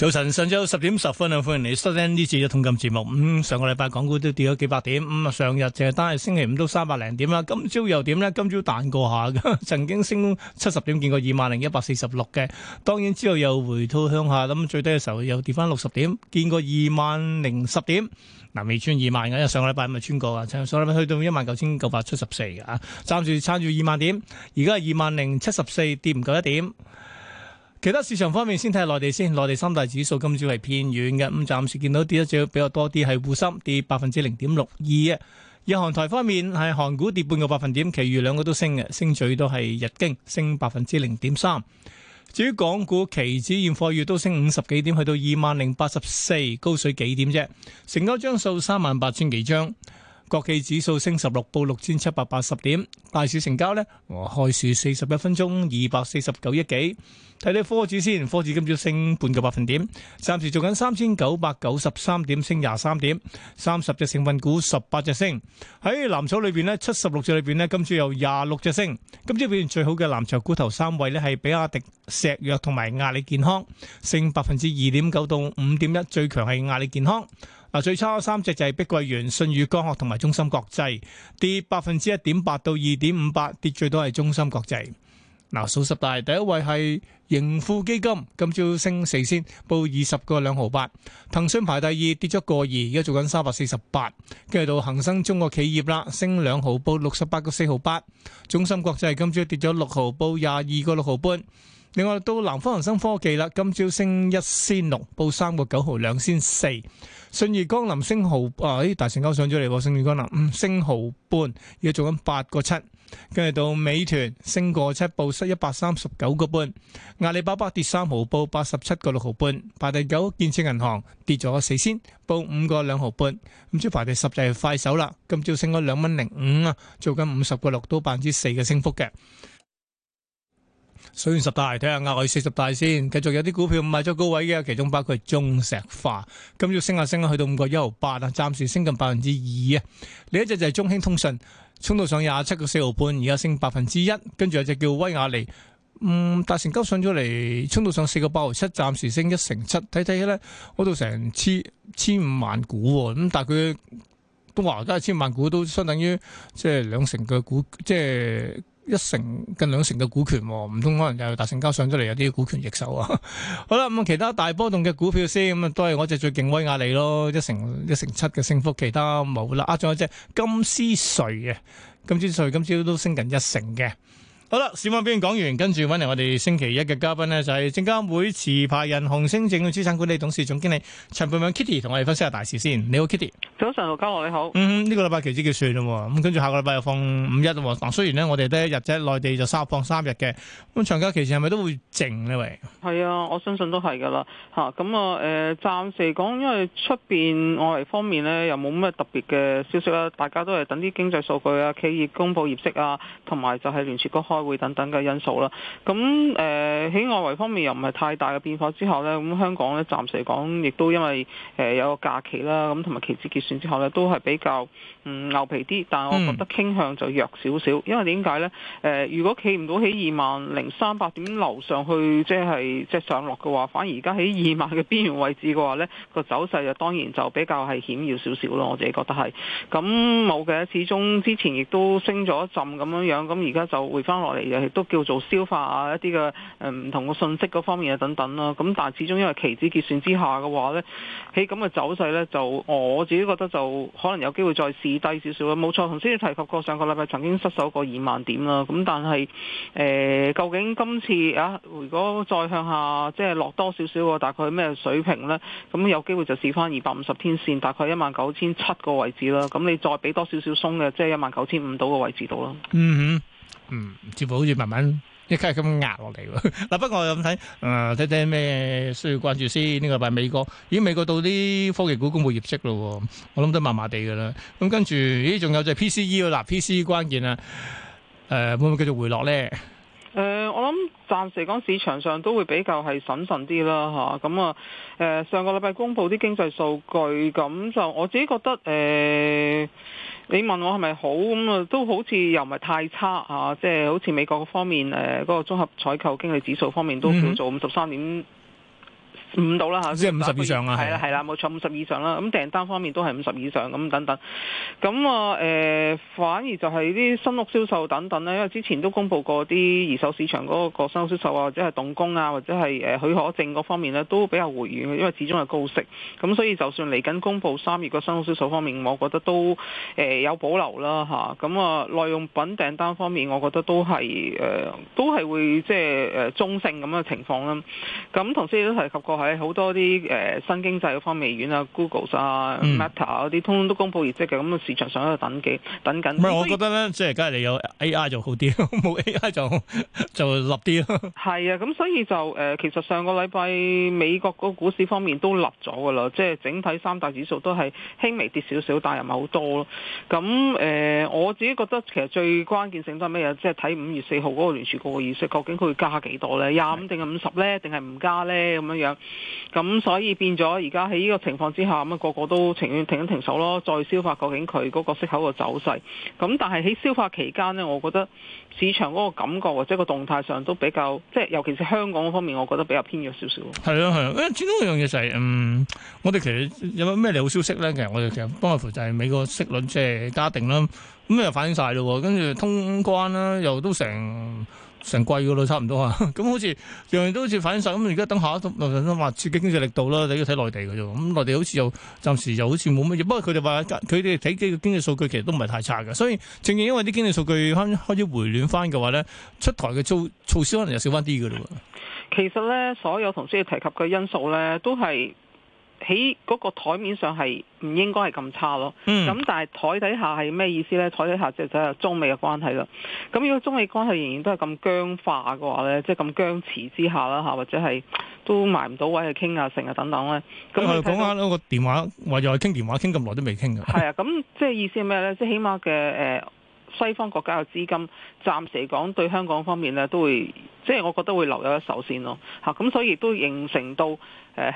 早晨，上晝十點十分啊！歡迎你收聽呢次嘅一桶金節目。嗯，上個禮拜港股都跌咗幾百點，咁、嗯、啊上日淨係單日星期五都三百零點啦。今朝又點呢？今朝彈過下 曾經升七十點，見過二萬零一百四十六嘅。當然之後又回吐向下，咁最低嘅時候又跌翻六十點，見過二,二萬零十點。嗱，未穿二萬嘅，因為上個禮拜咪穿過啊，上個禮拜，拜去到一萬九千九百七十四嘅啊，暫時撐住二萬點，而家係二萬零七十四，跌唔夠一點。其他市場方面，先睇下內地先。內地三大指數今朝係偏軟嘅，咁暫時見到跌得比較多啲係滬深跌百分之零點六二嘅。日韓台方面係韓股跌半個百分點，其餘兩個都升嘅，升最多係日經升百分之零點三。至於港股期指現貨月都升五十幾點，去到二萬零八十四，高水幾點啫？成交張數三萬八千幾張。國企指數升十六，報六千七百八十點。大市成交呢，我開市四十一分鐘，二百四十九億幾。睇睇科指先，科指今朝升半個百分點，暫時做緊三千九百九十三點，升廿三點。三十隻成分股，十八隻升。喺藍籌裏邊呢，七十六隻裏邊呢，今朝有廿六隻升。今朝表現最好嘅藍籌股頭三位呢，係比亞迪。石藥同埋阿里健康升百分之二點九到五點一，最強係阿里健康。嗱，最差三隻就係碧桂園、舜宇光學同埋中芯國際，跌百分之一點八到二點五八，跌最多係中芯國際。嗱，數十大第一位係盈富基金，今朝升四仙，報二十個兩毫八。騰訊排第二，跌咗個二，而家做緊三百四十八。跟住到恒生中國企業啦，升兩毫，報六十八個四毫八。中芯國際今朝跌咗六毫，報廿二個六毫半。另外到南方恒生科技啦，今朝升一仙六，報三個九毫兩仙四。信義江南升毫，啊，喺大成交上咗嚟喎。信義江南升毫半，而家做緊八個七。跟住到美團升個七，報失一百三十九個半。阿里巴巴跌三毫，報八十七個六毫半。排第九建設銀行跌咗四仙，報五個兩毫半。咁即係排第十就係快手啦，今朝升咗兩蚊零五啊，做緊五十個六，都百分之四嘅升幅嘅。水仙十大睇下額外四十大先。繼續有啲股票唔係最高位嘅，其中包括中石化，咁要升下升去到五個一毫八啦，暫時升近百分之二啊。另一隻就係中興通訊，衝到上廿七個四毫半，而家升百分之一，跟住有隻叫威亞利，嗯，大成交上咗嚟，衝到上四個八毫七，暫時升一成七，睇睇咧，開到成千千五萬股喎，咁但係佢都話，而家千五萬股，都相等於即係兩成嘅股，即係。一成近兩成嘅股權喎、哦，唔通可能又大成交上咗嚟有啲股權易手啊？ 好啦，咁其他大波動嘅股票先，咁啊都係我隻最勁威亞利咯，一成一成七嘅升幅，其他冇啦。啊，仲有隻金絲瑞啊，金絲瑞今朝都升近一成嘅。好啦，市況表現講完，跟住揾嚟我哋星期一嘅嘉賓呢，就係證監會持牌人紅星證券資產管理董事總經理陳佩文 Kitty 同我哋分析下大事先，你好 Kitty。早晨，上，嘉樂你好。嗯，呢、這個禮拜期指結算喎，咁跟住下個禮拜又放五一喎。雖然呢，我哋得一日啫，內地就三日放三日嘅。咁長假期時係咪都會靜呢？喂，係啊，我相信，信都係噶啦。嚇、啊，咁啊誒，暫、呃、時嚟講，因為出邊外圍方面呢，又冇咩特別嘅消息啦，大家都係等啲經濟數據啊、企業公布業績啊，同埋就係聯儲局開會等等嘅因素啦。咁誒喺外圍方面又唔係太大嘅變化之後呢，咁香港咧暫時嚟講亦都因為誒、呃、有個假期啦，咁同埋期指結算。然之後咧，都係比較嗯牛皮啲，但係我覺得傾向就弱少少，因為點解呢？誒、呃，如果企唔到喺二萬零三百點樓上去，即係即係上落嘅話，反而而家喺二萬嘅邊緣位置嘅話呢，個走勢又當然就比較係險要少少咯。我自己覺得係。咁冇嘅，始終之前亦都升咗一陣咁樣樣，咁而家就回返落嚟，亦都叫做消化、啊、一啲嘅誒唔同嘅信息嗰方面啊等等啦、啊。咁但係始終因為期指結算之下嘅話呢，喺咁嘅走勢呢，就我自己覺就可能有機會再試低少少啦，冇錯，頭先你提及過上個禮拜曾經失守過二萬點啦。咁但係誒，究竟今次啊，如果再向下，即係落多少少，大概咩水平呢？咁有機會就試翻二百五十天線，大概一萬九千七個位置啦。咁你再俾多少少鬆嘅，即係一萬九千五到個位置度啦。嗯嗯，似乎好似慢慢。一梗係咁壓落嚟喎嗱，不過我又咁睇，誒睇睇咩需要關注先？呢個禮拜美國，咦美國到啲科技股公布業績咯，我諗都麻麻地噶啦。咁跟住，咦仲有就係 PCE 啦 PCE 關鍵啊，誒、呃、會唔會繼續回落咧？誒、呃，我諗暫時講市場上都會比較係審慎啲啦，吓咁啊，誒、啊啊、上個禮拜公布啲經濟數據，咁、啊、就我自己覺得誒、啊，你問我係咪好咁啊，都好似又唔係太差吓，即、啊、係、就是、好似美國嗰方面誒嗰、啊那個綜合採購經理指數方面都叫做五十三點。五度啦吓，即係五十以上啊！係啦係啦，冇錯，五十以上啦。咁訂單方面都係五十以上咁等等。咁啊、呃、反而就係啲新屋銷售等等呢。因為之前都公布過啲二手市場嗰個新屋銷售啊，或者係動工啊，或者係誒許可證嗰方面呢，都比較回軟，因為始終係高息。咁所以就算嚟緊公佈三月個新屋銷售方面，我覺得都誒、呃、有保留啦吓，咁啊、呃，耐用品訂單方面，我覺得都係誒、呃、都係會即係、呃、中性咁嘅情況啦。咁同時亦都提及過。係好多啲誒、呃、新經濟方面，微軟啊，Google 啊、Meta 嗰啲，通通都公佈業績嘅，咁啊市場上喺度等緊，等緊。唔係、嗯，以我覺得咧，即係而家你有 AI 就好啲，冇 AI 就就落啲咯。係啊，咁所以就誒、呃，其實上個禮拜美國個股市方面都落咗㗎啦，即係整體三大指數都係輕微跌少少，但係又唔係好多咯。咁誒、呃，我自己覺得其實最關鍵性都係咩啊？即係睇五月四號嗰個聯儲局嘅議息，究竟佢會加幾多咧？廿五定係五十咧？定係唔加咧？咁樣樣。咁所以變咗而家喺呢個情況之下，咁啊個個都情願停一停手咯，再消化究竟佢嗰個息口嘅走勢。咁但係喺消化期間呢，我覺得市場嗰個感覺或者個動態上都比較，即係尤其是香港嗰方面，我覺得比較偏弱少少。係啊，係，啊，為始終一樣嘢就係、是，嗯，我哋其實有咩利好消息咧？其實我哋其實不外乎就係美國息率即係加定啦，咁咩又反映晒咯，跟住通關啦，又都成。成季噶咯，差唔多啊！咁、 嗯、好似樣樣都好似反映晒，咁而家等下一陣，話刺激經濟力度啦。你要睇內地嘅啫，咁、嗯、內地好似又暫時又好似冇乜嘢。不過佢哋話佢哋睇幾個經濟數據其實都唔係太差嘅。所以正正因為啲經濟數據開開始回暖翻嘅話咧，出台嘅措措施可能又少翻啲嘅嘞。其實咧，所有同先要提及嘅因素咧，都係。喺嗰個台面上係唔應該係咁差咯，咁、嗯、但係台底下係咩意思咧？台底下就係中美嘅關係咯。咁如果中美關係仍然都係咁僵化嘅話咧，即係咁僵持之下啦嚇，或者係都埋唔到位去傾啊，成日等等咧。咁佢講翻嗰個電話，話又係傾電話傾咁耐都未傾㗎。係啊，咁即係意思係咩咧？即係起碼嘅誒。呃西方國家嘅資金，暫時嚟講對香港方面咧，都會即係、就是、我覺得會留有一手先咯。嚇，咁所以亦都形成到誒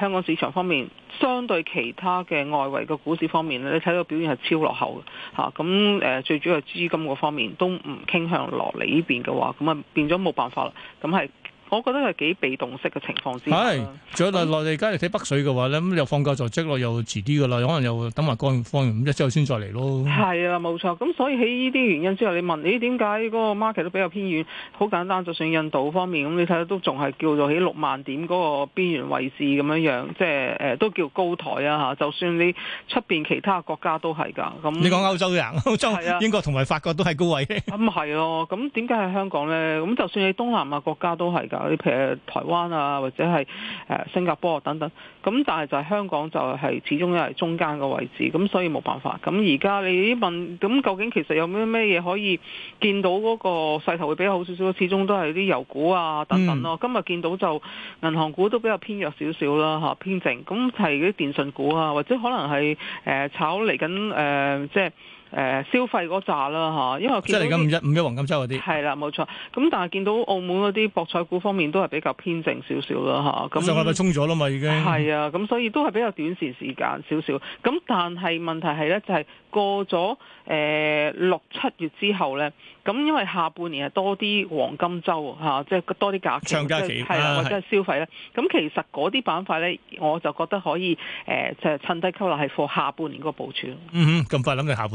香港市場方面，相對其他嘅外圍嘅股市方面咧，你睇到表現係超落後嘅，嚇，咁誒最主要係資金嗰方面都唔傾向落嚟呢邊嘅話，咁啊變咗冇辦法啦，咁係。我覺得係幾被動式嘅情況先。係是，嗯、仲有內內地而家嚟睇北水嘅話咧，咁又放假就積落又遲啲嘅啦，可能又等埋過完放五一之後先再嚟咯。係啊，冇錯。咁所以喺呢啲原因之後，你問你點解嗰個 market 都比較偏遠？好簡單，就算印度方面咁，你睇都仲係叫做喺六萬點嗰個邊緣位置咁樣樣，即係誒都叫高台啊嚇。就算你出邊其他國家都係㗎。咁你講歐洲人，歐洲英國同埋法國都係高位是的。咁係咯，咁點解喺香港咧？咁就算你東南亞國家都係。有啲譬如台灣啊，或者係誒、呃、新加坡、啊、等等，咁但係就係香港就係始終都係中間嘅位置，咁所以冇辦法。咁而家你問，咁究竟其實有咩咩嘢可以見到嗰個勢頭會比較好少少？始終都係啲油股啊等等咯、啊。嗯、今日見到就銀行股都比較偏弱少少啦嚇，偏靜。咁係啲電信股啊，或者可能係誒、呃、炒嚟緊誒即係。誒、嗯、消費嗰扎啦嚇，因為即係嚟緊五一五一黃金周嗰啲係啦，冇錯。咁但係見到澳門嗰啲博彩股方面都係比較偏靜少少啦嚇。咁就係咪衝咗啦嘛已經？係啊，咁所以都係比較短時時間少少。咁但係問題係咧，就係過咗誒六七月之後咧。咁因為下半年係多啲黃金周嚇，即係多啲假期，係啦、就是，或者係消費咧。咁、啊、其實嗰啲板塊咧，我就覺得可以誒，就、呃、趁低吸落係貨下半年個部署。咁、嗯、快諗佢下半年？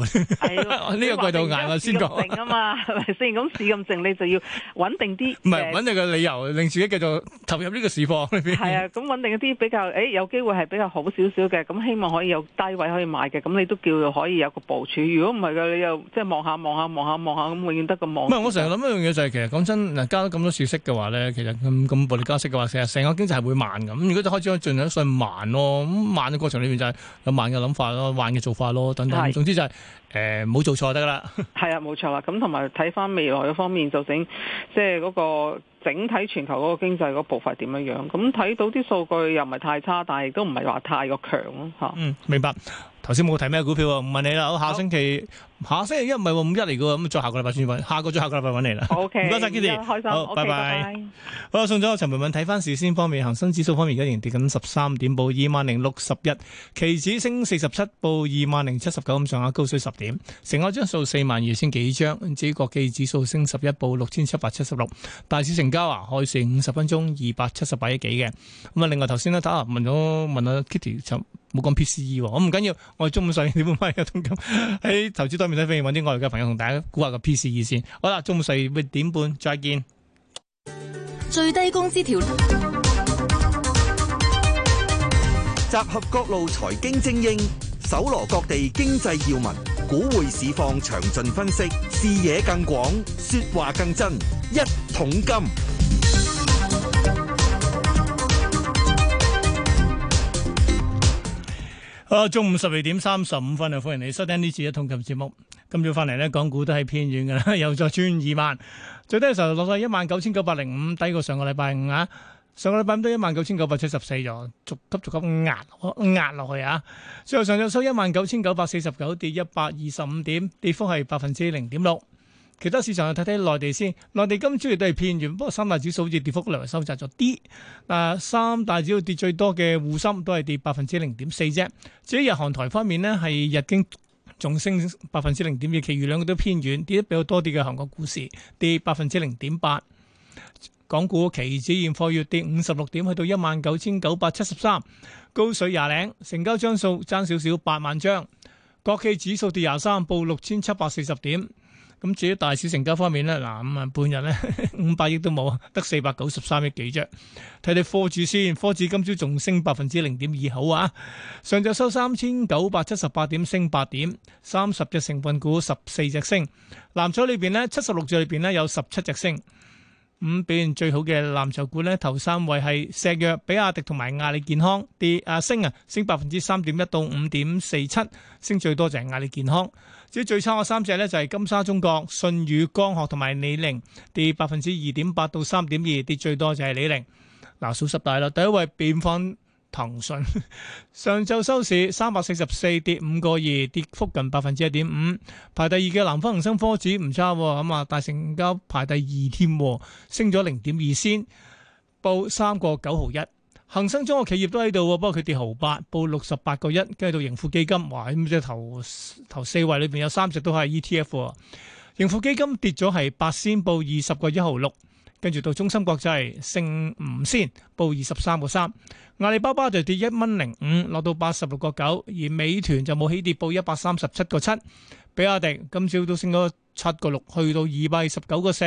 係 呢、哎、呦個季度捱我先講。定啊嘛，係咪先？咁市咁靜，你就要穩定啲。唔係穩定嘅理由，令自己繼續投入呢個市況裏邊。係 啊，咁穩定一啲比較，誒、哎、有機會係比較好少少嘅。咁希望可以有低位可以買嘅，咁你都叫做可以有個部署，如果唔係嘅，你又即係望下望下望下望下咁唔係，我成日諗一樣嘢就係、是，其實講真，嗱加咗咁多息息嘅話咧，其實咁咁暴力加息嘅話，成日成個經濟係會慢嘅。咁如果就開始可以盡量進慢咯，咁慢嘅過程裏面就係有慢嘅諗法咯，慢嘅做法咯，等等，是總之就係、是。誒，唔、呃、做錯得啦。係 啊，冇錯啦。咁同埋睇翻未來方面，就整即係嗰個整體全球嗰個經濟嗰個步伐點樣樣？咁睇到啲數據又唔係太差，但係亦都唔係話太過強咯，吓、啊嗯。明白。頭先冇提咩股票啊？唔問你啦。我下星期好下星期一唔係五一嚟噶，咁再下個禮拜轉揾，下個再下個禮拜揾你啦。O Okay, K，唔該晒，Kitty。開心，好，拜拜。好，送咗陳文敏睇翻事先方面，恒生指數方面而家仍在跌緊十三點，報二萬零六十一，期指升四十七，報二萬零七十九，咁上下高水十。點成交張數四萬二千幾張，至於國際指數升十一，報六千七百七十六。大市成交啊，開成五十分鐘二百七十八億幾嘅。咁啊，另外頭先咧，啊問咗問阿 Kitty 就冇講 P C E，、哦、我唔緊要，我哋中午四點半翻嚟，喺、嗯、投資多面睇飛，揾啲外嚟嘅朋友同大家估下個 P C E 先。好啦，中午四點半再見。最低工資條例集合各路財經精英，搜羅各地經濟要聞。股匯市況詳盡分析，視野更廣，說話更真。一桶金。好，中午十二點三十五分啊，歡迎你收聽呢次一桶金節目。今朝翻嚟咧，港股都喺偏遠噶啦，又再穿二萬，最低嘅時候落到一萬九千九百零五，低過上個禮拜五啊。上個禮拜都一萬九千九百七十四咗，逐級逐級壓壓落去啊！最後上晝收一萬九千九百四十九，跌一百二十五點，跌幅係百分之零點六。其他市場去睇睇內地先，內地今朝亦都係偏軟，不過三大指數好似跌幅略為收窄咗啲。嗱，三大指數跌最多嘅滬深都係跌百分之零點四啫。至於日韓台方面呢，係日經仲升百分之零點二，其餘兩個都偏軟，跌得比較多啲嘅韓國股市跌百分之零點八。港股期指現貨月跌五十六點，去到一萬九千九百七十三，高水廿零，成交張數爭少少八萬張。國企指數跌廿三，報六千七百四十點。咁至於大市成交方面呢嗱半日咧五百億都冇，得四百九十三億幾啫。睇你科指先，科指今朝仲升百分之零點二，好啊。上晝收三千九百七十八點，升八點，三十隻成分股十四隻升，藍籌裏邊呢，七十六隻裏邊呢，有十七隻升。五表現最好嘅藍籌股咧，頭三位係石藥、比亞迪同埋阿里健康，跌啊升啊，升百分之三點一到五點四七，升最多就係阿里健康。至於最差嘅三隻咧，就係金沙中國、舜宇光學同埋李寧，跌百分之二點八到三點二，跌最多就係李寧。嗱，數十大啦，第一位變翻。騰訊上晝收市三百四十四跌五個二，跌幅近百分之一點五，排第二嘅南方恒生科指唔差，咁啊大成交排第二添，升咗零點二先，報三個九毫一。恒生中國企業都喺度，不過佢跌毫八，報六十八個一。跟住到盈富基金，哇咁即係頭頭四位裏邊有三隻都係 ETF，盈富基金跌咗係八先，報二十個一毫六。跟住到中心國際升五仙，報二十三個三；阿里巴巴就跌一蚊零五，落到八十六個九。而美團就冇起跌，報一百三十七個七。比亞迪今朝都升咗七個六，去到二百二十九個四。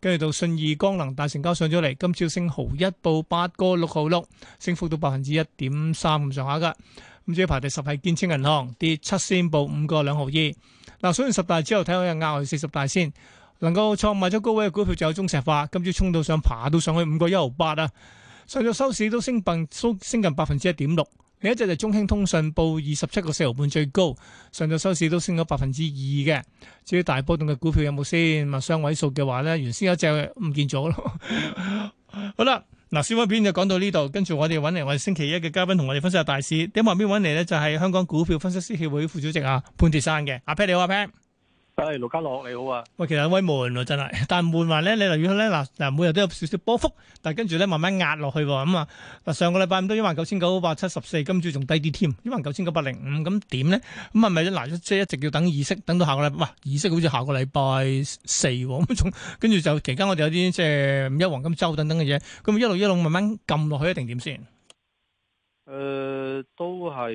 跟住到信義光能大成交上咗嚟，今朝升毫一，報八個六毫六，升幅到百分之一點三咁上下㗎。咁至排第十係建設銀行，跌七仙，報五個兩毫二。嗱，數完十大之後睇下亞外四十大先。能夠創賣咗高位嘅股票就有中石化，今朝沖到上爬到上去五個一毫八啊！上晝收市都升近升，近百分之一點六。另一隻就中興通訊報二十七個四毫半最高，上晝收市都升咗百分之二嘅。至於大波動嘅股票有冇先？數話雙位數嘅話咧，原先有一隻唔見咗咯。 好啦，嗱、啊，小位片就講到呢度，跟住我哋揾嚟，我哋星期一嘅嘉賓同我哋分析下大市。點旁邊揾嚟咧就係香港股票分析師協會副主席阿、啊、潘鐵山嘅。阿、啊、Pan 你好、啊，阿 Pan 係，盧家樂你好啊！喂，其實好威悶真係。但係悶話咧，你留意下咧，嗱嗱，每日都有少少波幅，但係跟住咧慢慢壓落去喎，咁啊，嗱，上個禮拜都一萬九千九百七十四，今朝仲低啲添，一萬九千九百零五，咁點咧？咁係咪咧？嗱，即係一直要等議息，等到下個禮拜，哇！議息好似下個禮拜四，咁仲跟住就期間我哋有啲即係五一黃金周等等嘅嘢，咁一路一路慢慢撳落去，一定點先？誒、呃，都係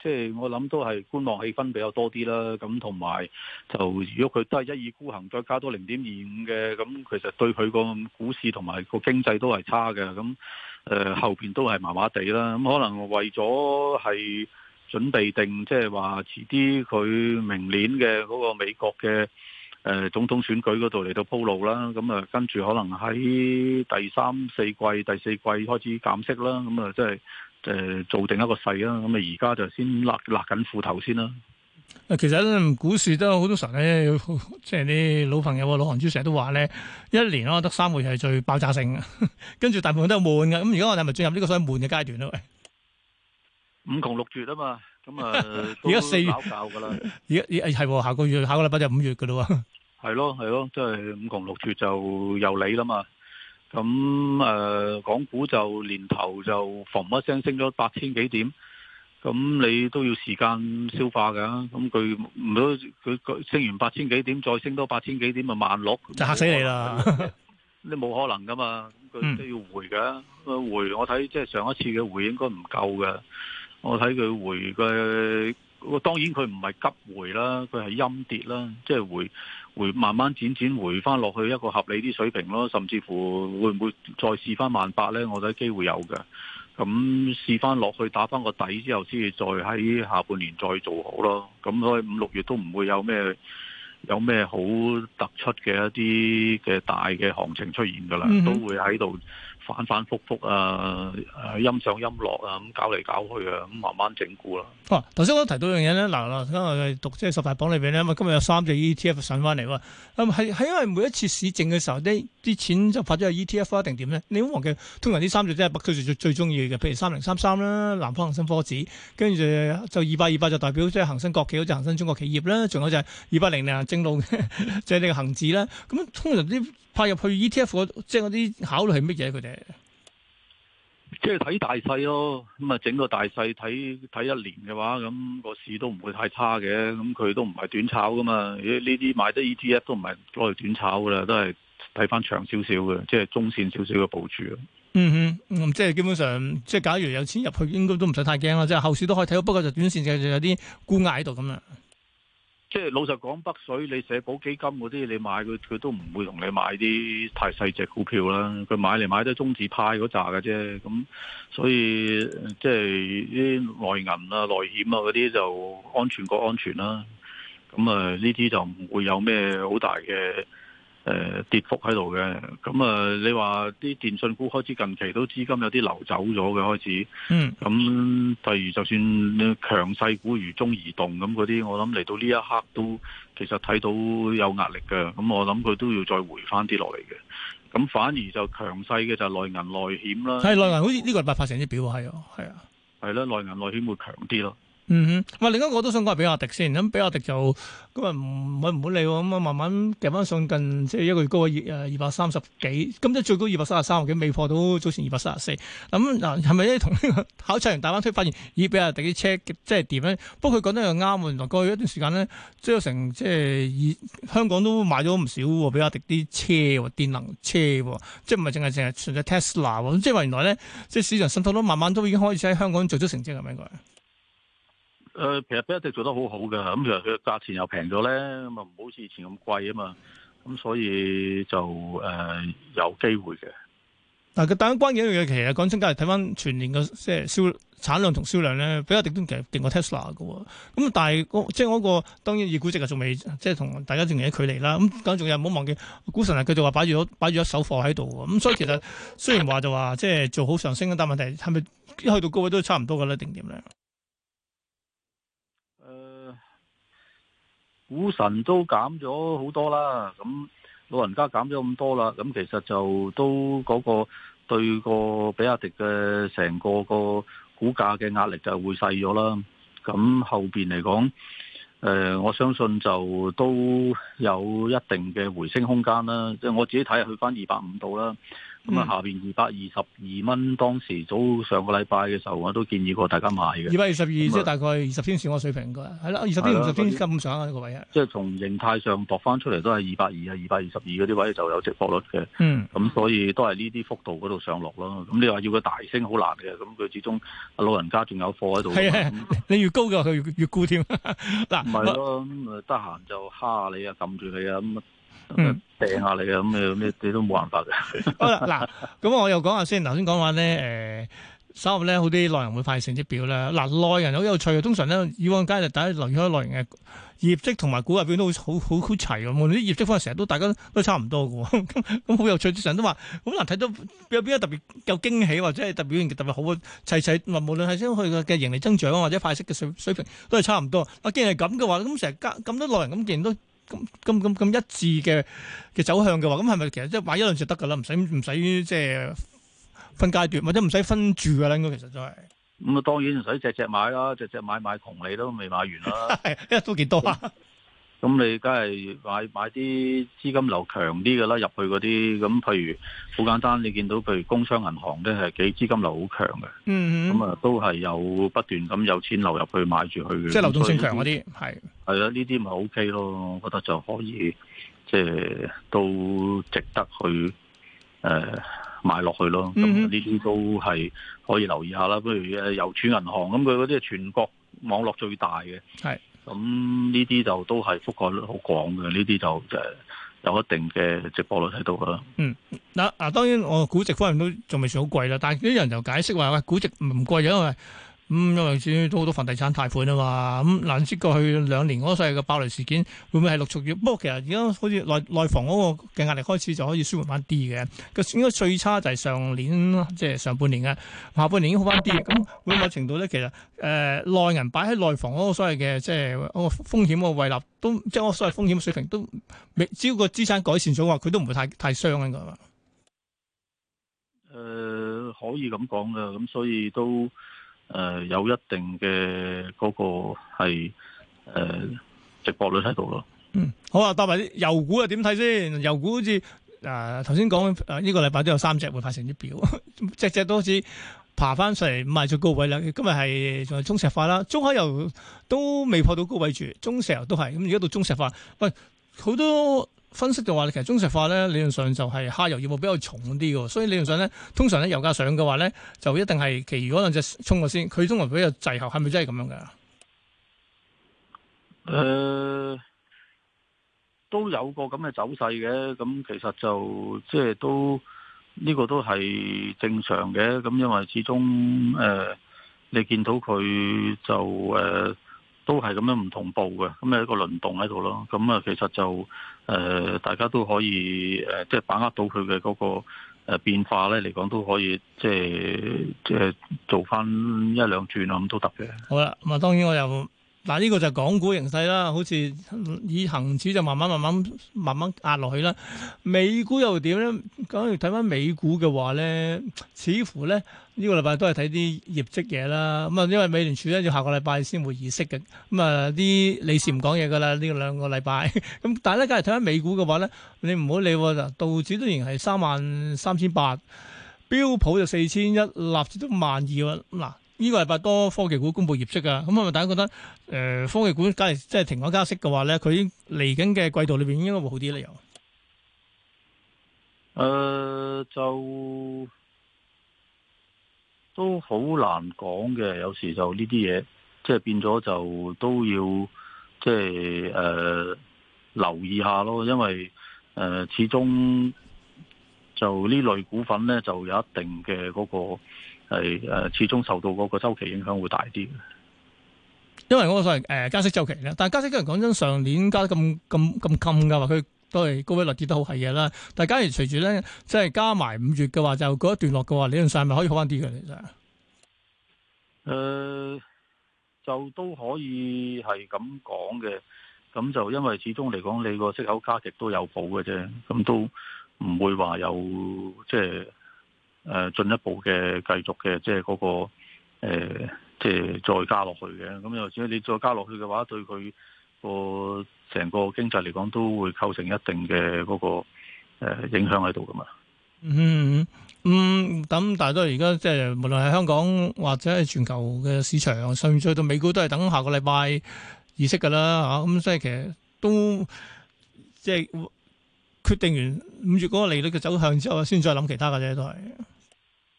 即係我諗都係觀望氣氛比較多啲啦。咁同埋，就如果佢都係一意孤行，再加多零點二五嘅，咁其實對佢個股市同埋個經濟都係差嘅。咁誒、呃，後邊都係麻麻地啦。咁可能為咗係準備定，即係話遲啲佢明年嘅嗰個美國嘅誒總統選舉嗰度嚟到鋪路啦。咁啊，跟住可能喺第三四季、第四季開始減息啦。咁啊，即係。誒，做定一個勢啦，咁啊而家，就先勒勒緊褲頭先啦。啊,其實股市都有好多時候咧，即係啲老朋友、老行尊成日都話咧，一年咯得三個月係最爆炸性嘅，跟住大部分都係悶嘅。咁而家我哋係咪進入呢個所謂悶嘅階段咧？五窮六絕啊嘛，咁、嗯、啊，而家 四月搞教噶啦，而家係下個月下個禮拜就五月噶啦，係咯係咯，即係、就是、五窮六絕就由你啦嘛。咁誒、呃，港股就年頭就逢一聲升咗八千幾點，咁你都要時間消化㗎。咁佢唔到佢佢升完八千幾點，再升多八千幾點咪萬六囉，就嚇死你啦！你 冇可能㗎嘛，咁佢都要回㗎。嗯、回我睇即係上一次嘅回應該唔夠㗎。我睇佢回嘅，當然佢唔係急回啦，佢係陰跌啦，即係回。會慢慢漸漸回翻落去一個合理啲水平咯，甚至乎會唔會再試翻萬八呢？我覺得機會有嘅，咁試翻落去打翻個底之後，先至再喺下半年再做好咯。咁所以五六月都唔會有咩有咩好突出嘅一啲嘅大嘅行情出現噶啦，都會喺度。反反覆覆啊，音上音落啊，咁搞嚟搞去啊，咁慢慢整固啦。頭頭先我提到一樣嘢咧，嗱、啊，今日讀即係十大榜裏面咧，因為今日有三隻 E T F 上翻嚟喎。咁係係因為每一次市整嘅時候，啲啲錢就發咗去 E T F 一定點咧？你唔好忘記，通常啲三隻即係北區最最中意嘅，譬如三零三三啦，南方恒生科指，跟住就二八二八就代表即係恒生國企，或者恒生中國企業啦，仲有就係二八零零正路，即 係你個恆指啦。咁通常啲派入去 E T F 即係嗰啲考慮係乜嘢佢哋？即係睇大細咯，咁啊整個大細睇睇一年嘅話，咁個市都唔會太差嘅。咁佢都唔係短炒噶嘛，呢啲買得 E T F 都唔係攞嚟短炒噶啦，都係睇翻長少少嘅，即係中線少少嘅部署。嗯哼，嗯即係基本上，即係假如有錢入去，應該都唔使太驚啦。即係後市都可以睇到，不過就短線就有啲沽壓喺度噉樣。即係老實講，北水你社保基金嗰啲，你買佢佢都唔會同你買啲太細隻股票啦。佢買嚟買都係中字派嗰扎嘅啫。咁所以即係啲內銀啊、內險啊嗰啲就安全過安全啦、啊。咁啊呢啲就唔會有咩好大嘅。誒、呃，跌幅喺度嘅，咁、嗯、啊，你話啲電信股開始近期都資金有啲流走咗嘅開始，嗯，咁第二就算強勢股如中移動咁嗰啲，那那我諗嚟到呢一刻都其實睇到有壓力嘅，咁我諗佢都要再回翻啲落嚟嘅，咁反而就強勢嘅就內銀內險啦，係內銀好似呢個禮拜發成啲表係？係啊，係啦，內銀內險會強啲咯。嗯哼，喂，另一個我都想講係比亞迪先，咁比亞迪就咁啊唔唔會唔會理喎，咁啊慢慢掉翻上近即係一個月高啊，二百三十幾，咁即最高二百三十三喎，幾未破到早前二百三十四。咁嗱係咪咧同呢考察完大班推發現依比亞迪啲車即係點咧？不過佢講得又啱喎，原來過去一段時間咧，即係成即係香港都買咗唔少比亞迪啲車喎，電能車喎，即係唔係淨係淨係純嘅 Tesla 喎？La，即係話原來咧，即係市場滲透都慢慢都已經開始喺香港做出成績嘅，應該。誒、呃，其實比亞迪做得好好嘅，咁、嗯、其實佢嘅價錢又平咗咧，咁啊唔好似以前咁貴啊嘛，咁、嗯、所以就誒、呃、有機會嘅。但個第一關鍵一樣嘢，其實講真，家下睇翻全年嘅即係銷產量同銷量咧，比亞迪都其實掂過 Tesla 喎。咁、嗯、但係即係、那、嗰個當然二估值啊，仲未即係同大家仲有啲距離啦。咁咁仲有唔好忘記，股神佢就話擺住擺住一手貨喺度，咁、嗯、所以其實雖然話就話即係做好上升，但係問題係咪一去到高位都差唔多嘅咧？定點咧？股神都減咗好多啦，咁老人家減咗咁多啦，咁其實就都嗰個對個比亞迪嘅成個個股價嘅壓力就會細咗啦。咁後面嚟講，誒、呃，我相信就都有一定嘅回升空間啦。即係我自己睇下，去翻二百五度啦。咁啊，下邊二百二十二蚊，當時早上個禮拜嘅時候，我都建議過大家買嘅。二百二十二即係大概二十天線個水平，應該係啦，二十天二十天咁上啊呢個位啊。即係從形態上搏翻出嚟都係二百二啊，二百二十二嗰啲位就有跌幅率嘅。嗯。咁所以都係呢啲幅度嗰度上落咯。咁你話要佢大升好難嘅，咁佢始終老人家仲有貨喺度。係啊，你越高嘅佢越越沽添。嗱，唔係咯，咁啊得閒就蝦你啊，撳住你啊，咁嗯，下嚟嘅咁又咩？你都冇辦法嘅。嗱， 咁我又講下先。頭先講話咧，誒、呃，收入咧，好啲內容會派成績表啦。嗱，內人好有趣嘅，通常咧，以往街係大家留意開內人嘅業績同埋股價表都好好好齊㗎，無論啲業績方成日都大家都差唔多嘅。咁咁好有趣，啲人都話好難睇到有邊個特別有驚喜或者係特別表現特別好嘅。齊齊無論係先佢嘅盈利增長或者派息嘅水水平都係差唔多。啊，既然係咁嘅話，咁成日加咁多內人咁，竟然都。咁咁咁咁一致嘅嘅走向嘅話，咁係咪其實即係買一輪就得噶啦？唔使唔使即係分階段，或者唔使分住噶啦？應該其實都係咁啊！當然買，唔使隻隻買啦，只隻買買窮你都未買完啦， 都幾多。 咁你梗係買買啲資金流強啲嘅啦，入去嗰啲咁，譬如好簡單，你見到譬如工商銀行咧係幾資金流好強嘅，咁啊、嗯、哼都係有不斷咁有錢流入去買住去嘅，即係流動性強嗰啲，係係啊，呢啲咪 O K 咯，我覺得就可以，即係都值得去誒、呃、買落去咯。咁呢啲都係可以留意下啦，譬如誒郵儲銀行咁，佢嗰啲係全國網絡最大嘅，係。咁呢啲就都係覆蓋率好廣嘅，呢啲就誒有一定嘅直播率睇到㗎啦。嗯，嗱當然我估值方面都仲未算好貴啦，但係啲人就解釋話喂，估值唔貴咗？」因為。咁、嗯、因為主都好多房地產貸款啊嘛，咁難說過去兩年嗰個所謂嘅爆雷事件會唔會係陸續月？不過其實而家好似內內房嗰個嘅壓力開始就可以舒緩翻啲嘅。應該最差就係上年即係、就是、上半年嘅，下半年已經好翻啲。咁、嗯、某程度咧，其實誒、呃、內銀擺喺內房嗰個所謂嘅即係個風險位、就是、個位立都即係我所謂風險水平都未超過資產改善咗話，佢都唔會太太傷嘅嘛。誒、呃，可以咁講噶，咁所以都。誒、呃，有一定嘅嗰、那個係誒、呃、直播率喺度咯。嗯，好啊，搭埋啲油股啊，點睇先？油股好似誒頭先講誒、呢、呃呃這個禮拜都有三隻會發成啲表，隻隻都好似爬翻上嚟，唔係最高位啦。今日係仲有中石化啦，中海油都未破到高位住，中石油都係。咁而家到中石化，喂，好多。分析嘅話，其實中石化呢，理論上就係下游業務比較重啲嘅，所以理論上呢，通常咧油價上嘅話呢，就一定係期油可能只衝頭先，佢通常比較滯後，係咪真係咁樣嘅？誒、呃、都有個咁嘅走勢嘅，咁其實就即係都呢、呢個都係正常嘅，咁因為始終誒、呃、你見到佢就誒。呃都係咁樣唔同步嘅，咁、嗯、咧一個輪動喺度咯。咁、嗯、啊，其實就誒、呃，大家都可以誒，即、呃、係把握到佢嘅嗰個誒變化咧嚟講，都可以即係即係做翻一兩轉啊，咁都得嘅。好啦，咁啊，當然我有。但呢個就係港股形勢啦，好似以恒指就慢慢慢慢慢慢壓落去啦。美股又點咧？講完睇翻美股嘅話咧，似乎咧呢、這個禮拜都係睇啲業績嘢啦。咁啊，因為美聯儲咧要下個禮拜先會議息嘅。咁、嗯、啊，啲理事唔講嘢噶啦，兩個呢兩個禮拜。咁但係咧，假如睇翻美股嘅話咧，你唔好理喎，道指都仍然係三萬三千八，標普就四千一，納指都萬二啊。嗱呢個係百多科技股公布業績㗎，咁啊，係咪大家覺得誒、呃，科技股加，即係停咗加息嘅話咧，佢嚟緊嘅季度裏邊應該會好啲咧？又誒、呃，就都好難講嘅，有時就呢啲嘢，即係變咗就都要即係誒、呃、留意下咯，因為誒、呃、始終就呢類股份咧就有一定嘅嗰、那個。係誒，始終受到嗰個周期影響會大啲。因為我係誒、呃、加息周期咧，但係加息周期講真，上年加得咁咁咁近噶話，佢都係高位率跌得好係嘢啦。但係假如隨住咧，即、就、係、是、加埋五月嘅話，就嗰一段落嘅話，理論上係咪可以好翻啲嘅，其實。誒，就都可以係咁講嘅。咁就因為始終嚟講，你個息口加極都有補嘅啫，咁都唔會話有即係。誒，進一步嘅繼續嘅，即係嗰個，呃，即係再加落去嘅。咁又至於你再加落去嘅話，對佢個成個經濟嚟講，都會構成一定嘅嗰個，呃，影響喺度噶嘛。嗯，嗯，咁但係都係而家即係無論係香港或者係全球嘅市場，上再到美股都係等下個禮拜議息噶啦嚇。咁所以其實都即係決定完五月嗰個利率嘅走向之後，先再諗其他嘅啫，都係。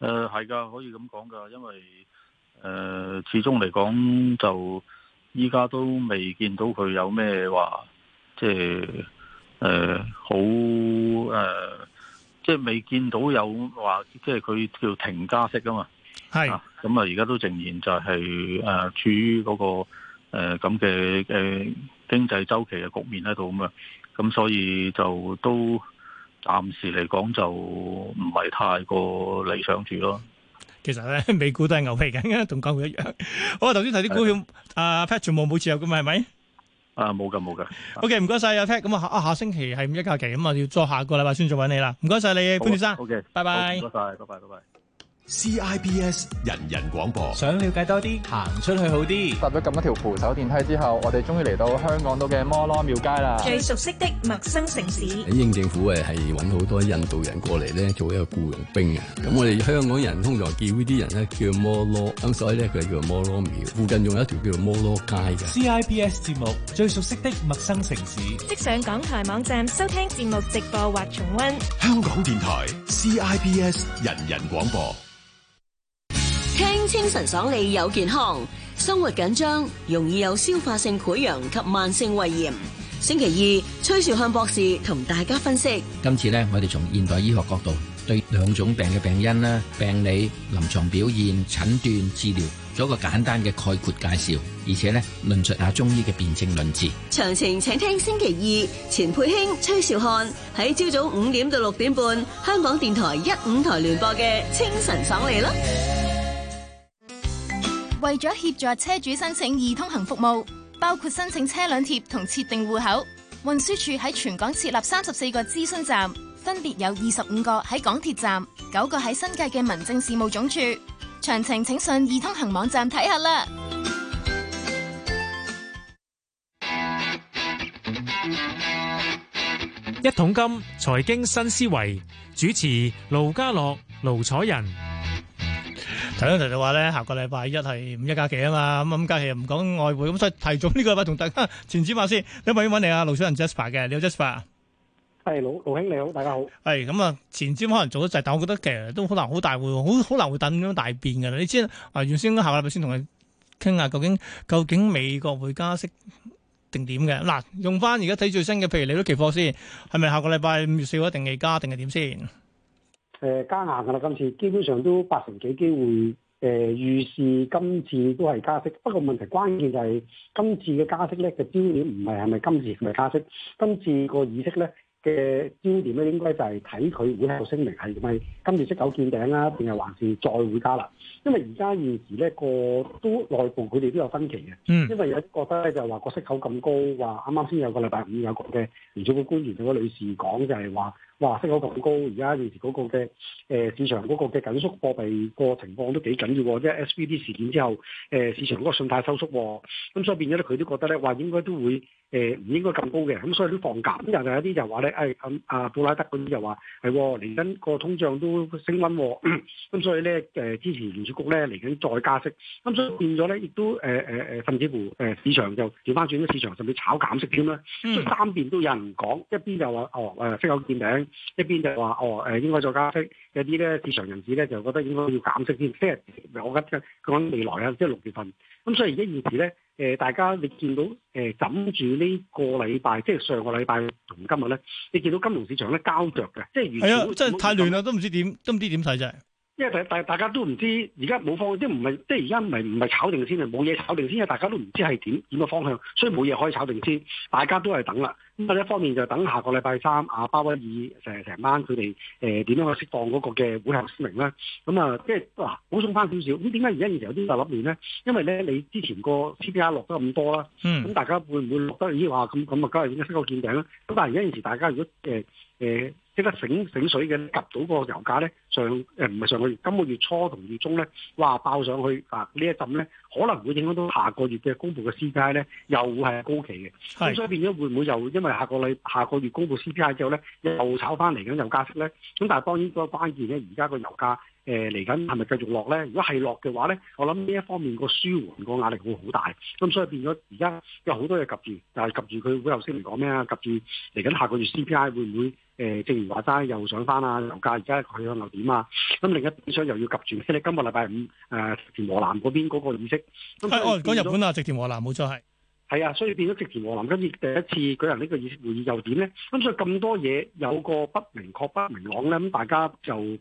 誒，係噶、呃，可以咁講噶，因為誒、呃，始終嚟講就依家都未見到佢有咩話，即係誒、呃、好誒，即係未見到有話，即係佢叫停加息吖嘛。係是。咁啊，而家都仍然就係、是、誒、呃，處於嗰、那個誒咁嘅誒經濟周期嘅局面喺度吖嘛。咁所以就都。暫時嚟講就唔係太過理想住咯。其實咧，美股都係牛皮緊嘅，同港股一樣。我頭先睇啲股票，阿 Pat 全部冇持有嘅，係咪？啊，冇噶，冇噶。OK，唔該晒阿 Pat。咁啊，下下星期係五一假期，咁啊要再下個禮拜先再搵你啦。唔該晒你，潘先生。OK，拜拜。唔該晒，拜拜，拜拜。CIBS 人人廣播，想了解多啲，行出去好啲。搭咗咁多條扶手電梯之後，我哋終於嚟到香港島嘅摩羅廟街啦。最熟悉的陌生城市，英政府誒係搵好多印度人過嚟咧做一個僱傭兵啊。咁我哋香港人通常叫呢啲人咧叫摩羅，咁所以咧佢叫摩羅廟。附近仲有一條叫做摩羅街嘅。CIBS 節目最熟悉的陌生城市，即上港台網站收聽節目直播或重温香港電台 CIBS 人人廣播。聽清晨爽利有健康，生活緊張容易有消化性潰瘍及慢性胃炎。星期二，崔兆漢博士同大家分析。今次呢，我哋從現代醫學角度對兩種病嘅病因啦、病理、臨床表現、診斷、治療做一個簡單嘅概括介紹，而且呢，論述下中醫嘅辨證論治。詳情請聽星期二，錢佩興、崔兆漢喺朝早五點到六點半，香港電台一五台聯播嘅清晨爽利啦。為咗協助車主申請易通行服務，包括申請車輛貼同設定戶口，運輸處喺全港設立三十四個諮詢站，分別有二十五個喺港鐵站，九個喺新界嘅民政事務總處。詳情請上易通行網站睇下啦。一桶金財經新思維主持盧家樂、盧彩仁。想先提到話咧，下個禮拜一係五一假期啊嘛，咁咁假期又唔講外匯，咁所以提早呢個禮拜同大家前瞻話先。你咪要問你啊，盧小人 Jasper 嘅，你好 Jasper 係老老兄你好，大家好。係咁啊，前瞻可能做得早咗，但我覺得其實都好難好大會，好好難會等咁樣大變噶啦。你知啊，原先應該下禮拜先同你傾下，究竟究竟美國會加息定點嘅？嗱、啊，用翻而家睇最新嘅，譬如利率期貨先，係咪下個禮拜五月四號一定係加定係點先？誒加硬㗎啦！今次基本上都八成幾機會誒、呃、預示今次都係加息。不過問題關鍵就係今次嘅加息咧嘅焦點唔係係咪今次係咪加息，今次個議息咧嘅焦點咧應該就係睇佢會否聲明係咪今次息口見頂啦、啊，定係還是再會加啦？因為而家現時咧個都內部佢哋都有分歧嘅。嗯，因為有覺得咧就係話個息口咁高，話啱啱先有個禮拜五有個嘅聯儲會官員同個女士講就係話。哇！息口咁高，而家現時嗰個嘅、呃、市場嗰個嘅緊縮貨幣個情況都幾緊要，即係 SVP 事件之後，呃、市場嗰個信貸收縮，咁、嗯、所以變咗咧，佢都覺得咧，話應該都會誒唔、呃、應該咁高嘅，咁、嗯、所以都放緊。咁又有有啲又話咧，誒阿阿布拉德嗰啲又話係嚟緊個通脹都升溫，咁、嗯嗯、所以咧誒、呃、支持聯儲局咧嚟緊再加息，咁、嗯、所以變咗咧，亦都、呃呃、甚至乎、呃、市場就調翻轉，市場甚至炒減息添啦。咁三邊都有人講，一邊就話哦、啊、息口見頂。一邊就話哦，誒，應該再加息，有啲咧市場人士咧就覺得應該要減息先。即係我而家講未來啊，即係六月份。咁所以而家同時咧，誒，大家你見到誒，枕住呢個禮拜，即係上個禮拜同今日咧，你見到金融市場咧膠着嘅，即係完全，係呀，真係太亂啦，都唔知點，都唔知點睇真因為大大家都唔知，而家冇方向，即係唔係，即係而家唔係唔係炒定先啊！冇嘢炒定先，大家都唔知係點點個方向，所以冇嘢可以炒定先。大家都係等啦。咁啊，一方面就等下個禮拜三阿鮑威爾成成晚佢哋誒點樣去釋放嗰個嘅會合聲明啦。咁啊，即係嗱，補充翻少少。咁點解而家現時有啲就笠面咧？因為咧，你之前個 c p i 落得咁多啦，咁、嗯、大家會唔會落得咦話咁咁啊？今日點解升個見頂啦。咁但係而家現時大家如果誒、呃呃即係醒醒水嘅及到個油價咧，上誒唔係上個月，今個月初同月中咧，哇爆上去啊！呢一陣咧，可能會影響到下個月嘅公布嘅 CPI 咧，又會係高企嘅。咁的所以變咗會唔會又因為下個禮下個月公布 CPI 之後咧，又炒翻嚟咁又加息咧？咁但係當然個關鍵咧，而家個油價。誒嚟緊係咪繼續落咧？如果係落嘅話咧，我諗呢一方面個舒緩個壓力會好大，咁所以變咗而家有好多嘢及住，但係及住佢會議息嚟講咩啊？及住嚟緊下個月 CPI 會唔會誒？正如話齋又上翻啊，樓價而家佢向又點啊？咁另一端想又要及住，即係今日禮拜五誒，植田和男嗰邊嗰個議息。咁我講日本啊，植田和男冇錯係。係啊，所以變咗直情我諗今次第一次舉行呢個議會議又點咧？咁所以咁多嘢有個不明確不明、呃呃啊不、不明朗咧，咁大家就誒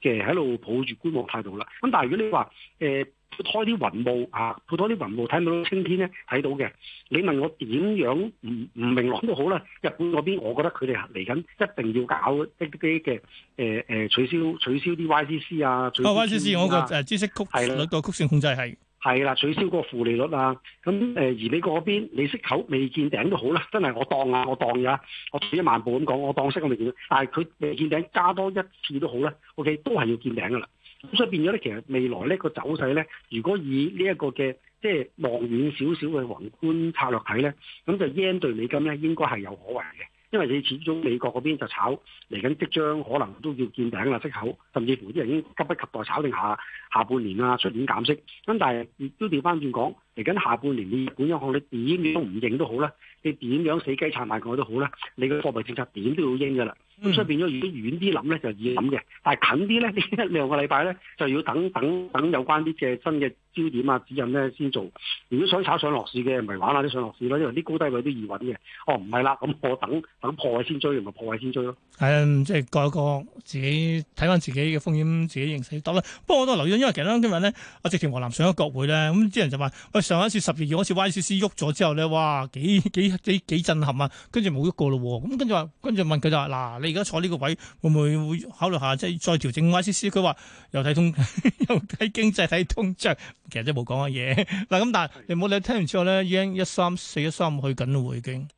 嘅喺度抱住觀望態度啦。咁但係如果你話誒撥開啲雲霧啊，撥開啲雲霧睇唔到青天咧，睇到嘅。你問我點樣唔唔明朗都好啦。日本嗰邊，我覺得佢哋嚟緊一定要搞一啲嘅誒取消取消啲 YCC 啊，取消啲 YCC 啊，oh, CC，我個知識曲的曲線控制係。係啦，取消嗰個負利率啦，啊，咁而你嗰邊利息口未見頂都好啦，真係我當啊，我當嘅、啊，我退一萬步咁講，我當息我未見頂，但係佢未見頂加多一次都好，OK? 都好啦 OK 都係要見頂㗎啦，咁所以變咗咧，其實未來呢個走勢咧，如果以呢一個嘅即係望遠少少嘅宏觀策略睇咧，咁就 yen 對美金咧應該係有可為嘅。因為你始終美國嗰邊就炒嚟緊，來即將可能都要見頂啦，息口，甚至乎啲人已經急不及待炒定下下半年啊，出年減息。咁但係亦都調翻轉講，嚟緊下，下半年你管央行你點都唔認都好啦，你點樣死雞撐埋佢都好啦，你個貨幣政策點都要應噶啦。咁所以變咗，如果遠啲諗咧就易諗嘅，但係近啲咧呢一兩個禮拜咧就要等等等有關啲嘅新嘅焦點啊指引咧先做。如果想炒上落市嘅，咪玩下啲上落市咯，因為啲高低位都易揾嘅。哦，唔係啦，咁我等等破位先追，同埋破位先追咯。係啊、嗯，即係各有各，自己睇翻自己嘅風險，自己認識多啦。不過我都留意咗，因為其實今日咧，啊植田和男上咗國會咧，咁啲人就話喂，上一次十二月嗰次 YCC 喐咗之後咧，哇幾幾幾幾震撼啊！跟住冇喐過咯喎，咁跟住話跟住問佢就話嗱你。而家坐呢個位會唔會會考慮下即係再調整歪少少？佢話又睇通，呵呵又睇經濟，睇通脹，其實真係冇講嘅嘢。嗱咁的， 但係你冇理。聽完之後咧已經一三四一三去緊啦，已經，會經。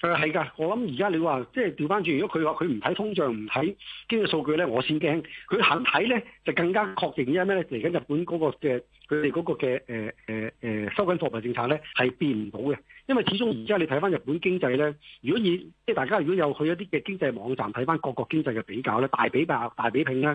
誒係噶，我諗而家你話即係調翻轉，如果佢話佢唔睇通脹，唔睇經濟數據咧，我先驚。佢肯睇咧，就更加確認，因為咩咧？嚟緊日本嗰個嘅佢哋嗰個嘅、呃呃、收緊貨幣政策咧，係變唔到嘅。因為始終而家你睇翻日本經濟咧，如果以即係大家如果有去一啲嘅經濟網站睇翻各國經濟嘅比較咧，大比較大比拼咧，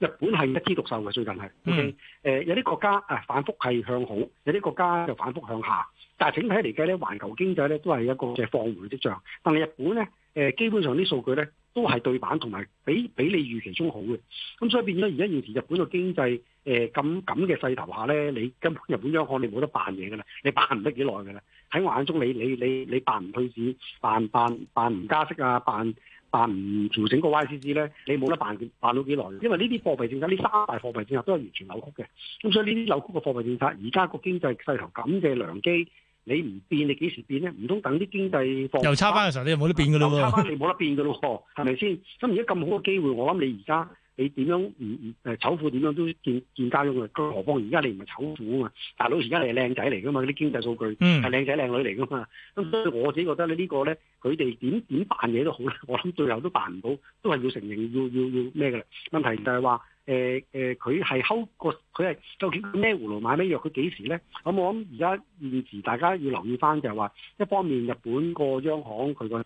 日本係一枝獨秀嘅。最近係 O K。有啲國家啊反覆係向好，有啲國家就反覆向下。但係整體嚟計咧，環球經濟咧都係一個即係放緩的跡象。但係日本咧，誒基本上啲數據咧都係對版同埋比比你預期中好嘅。咁所以變咗而家現時日本個經濟誒咁咁嘅勢頭下咧，你根本日本央行你冇得扮嘢㗎啦，你扮唔得幾耐㗎啦。喺我眼中你，你你你你扮唔退市、扮扮扮唔加息啊、扮扮唔調整個 YCC 咧，你冇得扮扮到幾耐。因為呢啲貨幣政策、呢三大貨幣政策都係完全扭曲嘅。咁所以呢啲扭曲嘅貨幣政策，而家個經濟勢頭咁嘅良機。你唔變，你幾時變咧？唔通等啲經濟又差翻嘅時候，你又冇得變噶啦喎！差翻，你冇得變噶咯喎，係咪先？咁而家咁好嘅機會，我諗你而家你點樣唔唔醜醜婦點樣都見見家用嘅？何況而家你唔係醜婦啊嘛？大佬而家你係靚仔嚟噶嘛？啲經濟數據係嗯、靚仔靚女嚟噶嘛？咁所以我自己覺得你呢個咧佢哋點點辦嘢都好咧，我諗最後都辦唔到，都係要承認要要要咩嘅啦。問題就係話。誒誒，佢係收個，佢、呃、係究竟咩葫蘆買咩藥？佢幾時咧？咁、嗯、我諗而家現時大家要留意翻，就係話一方面日本個央行佢個誒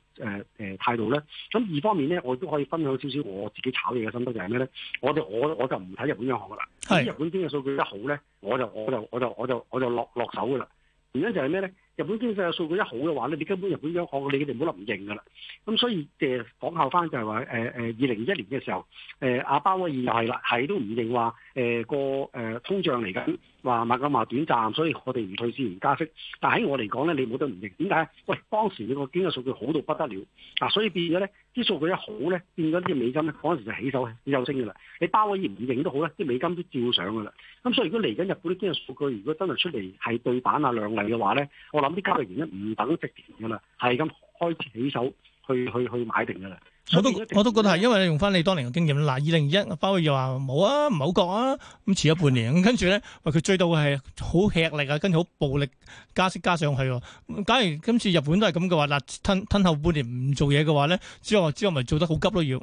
誒態度咧，咁二方面咧，我都可以分享少少我自己炒嘢嘅心得，就係咩咧？我就我我就唔睇日本央行噶啦，是日本邊個數據一好咧，我就我就我就我就我就落落手噶啦。原因就係咩咧？日本經濟嘅數據一好嘅話咧，你根本日本央行你哋冇得唔認噶啦。咁所以誒講效翻就係話誒誒二零一年嘅時候，誒、呃、阿鮑威爾又係啦，係都唔認話誒個誒通脹嚟緊，話物價慢短暫，所以我哋唔退市唔加息。但喺我嚟講咧，你冇得唔認。點解？喂，當時你個經濟數據好到不得了，嗱，所以變咗咧。啲數據一好咧，變咗啲美金咧，嗰陣時就起手又升噶啦。你鮑威爾唔認都好咧，啲美金都照上噶啦。咁所以如果嚟緊日本啲經濟數據如果真係出嚟係對版啊、亮麗嘅話咧，我諗啲交易員唔等值錢噶啦，係咁開始起手。去去去買定噶啦，的我都我都覺得係，因為用翻你當年嘅經驗嗱，二零二一包括又話冇啊，唔好割啊，咁遲咗半年，咁跟住咧，喂佢追到係好吃力啊，跟住好暴力加息加上去啊。假如今次日本都係咁嘅話，嗱吞吞後半年唔做嘢嘅話咧，之後之後咪做得好急咯要。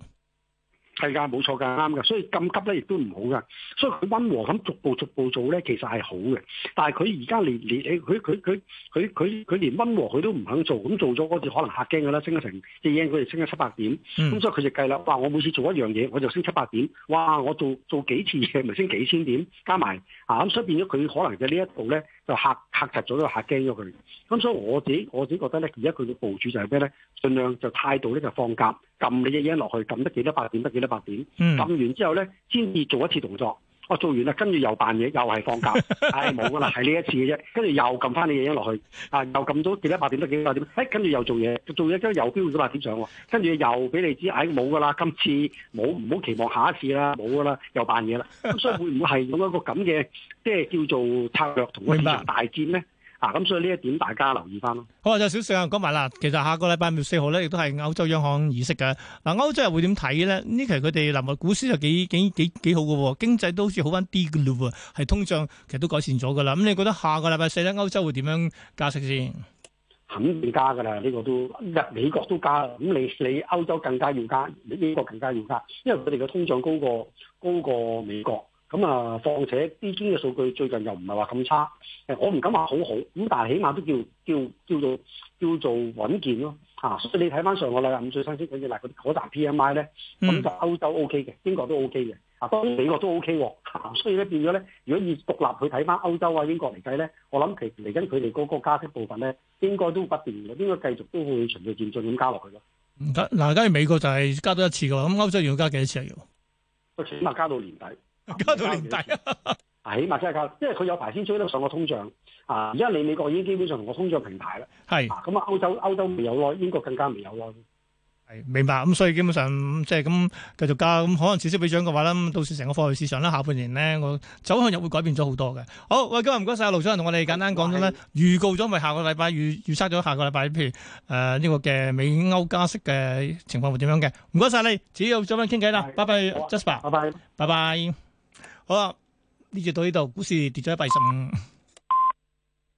係㗎，冇錯㗎，啱㗎，所以咁急咧亦都唔好㗎，所以佢溫和咁逐步逐步做咧，其實係好嘅。但係佢而家連連誒，佢佢佢佢佢佢連溫和佢都唔肯做，咁做咗嗰次可能嚇驚㗎啦，升咗成一億，佢哋升咗七八點，咁所以佢就計啦，哇！我每次做一樣嘢，我就升七八點，哇！我做做幾次嘢，咪升幾千點，加埋啊咁，所以變咗佢可能嘅呢一步咧。 就嚇嚇窒咗，呢個嚇驚咗佢。咁所以我自己我自己覺得咧，而家佢嘅部署就係咩咧？儘量就態度咧就放鴿，撳你一嘢落去，撳得幾多百點得幾多百點。撳完之後咧，先至做一次動作。我、啊、做完啦，跟住又扮嘢，又係放假，唉、 哎，冇噶啦，係呢一次嘅啫。跟住又撳翻你嘢落去，啊，又撳到幾多八點都幾多點？誒，跟、哎、住又做嘢，做嘢之後又標咗八點上喎。跟、啊、住又俾你知，唉、哎，冇噶啦，今次冇，唔好期望下一次啦，冇噶啦，又扮嘢啦。咁所以會唔會係咁一個咁嘅，即係叫做策略同市場大戰咧？嗱，咁、啊、所以呢一點大家留意翻咯。好啊，就是、小盛講埋啦。其實下個禮拜六四號咧，亦都係歐洲央行議息嘅。嗱，歐洲又會點睇咧？呢期佢哋南外股市又幾幾幾幾好嘅喎，經濟都好似好翻啲嘅嘞喎。係通脹其實都改善咗嘅啦。咁你覺得下個禮拜四咧，歐洲會點樣加息先？肯定加嘅啦，呢、這個都美國都加了，咁你你歐洲更加要加，你英國更加要加，因為佢哋嘅通脹高過高過美國。咁啊，況且啲堅嘅數據最近又唔係話咁差，誒，我唔敢話好好，咁但係起碼都叫叫叫做叫做穩健咯，嚇、啊。所以你睇翻上 4, 個禮拜五最新先嗰啲嗱嗰集 P M I 咧，咁就歐洲 O K 嘅，英國都 O K 嘅，啊，當美國都 O K 喎，所以咧變咗咧，如果要獨立去睇翻歐洲啊英國嚟計咧，我諗其實嚟緊佢哋嗰個加息部分咧，應該都不斷嘅，應該繼續都會循序漸，漸進咁加落去咯。唔得、嗯，嗱，假如美國就係加多一次嘅話，咁歐洲要加幾多次啊要？起碼，加到年底。加到年底家。 起碼真係加，因為佢有排先追得上個通脹啊。而家你美國已經基本上同個通脹平牌啦，係咁是啊歐。歐洲歐洲未有咯，英國更加未有咯。係明白咁，所以基本上即係咁繼續加咁，可能刺激比漲嘅話咧，到時成個貨幣市場啦。下半年咧，我走向又會改變咗好多嘅。好喂，今日唔該曬，盧總同我哋簡單講咗咧預告咗，咪下個禮拜預預測咗下個禮拜，譬如誒呢、呃呢個嘅美歐加息嘅情況會點樣嘅？唔該晒，你，只要再揾傾偈啦，拜拜，Jasper，拜拜，啊、Jessica，拜拜。拜拜拜拜。好啦、啊，呢、這、就、個、到呢度，股市跌咗一百二十五。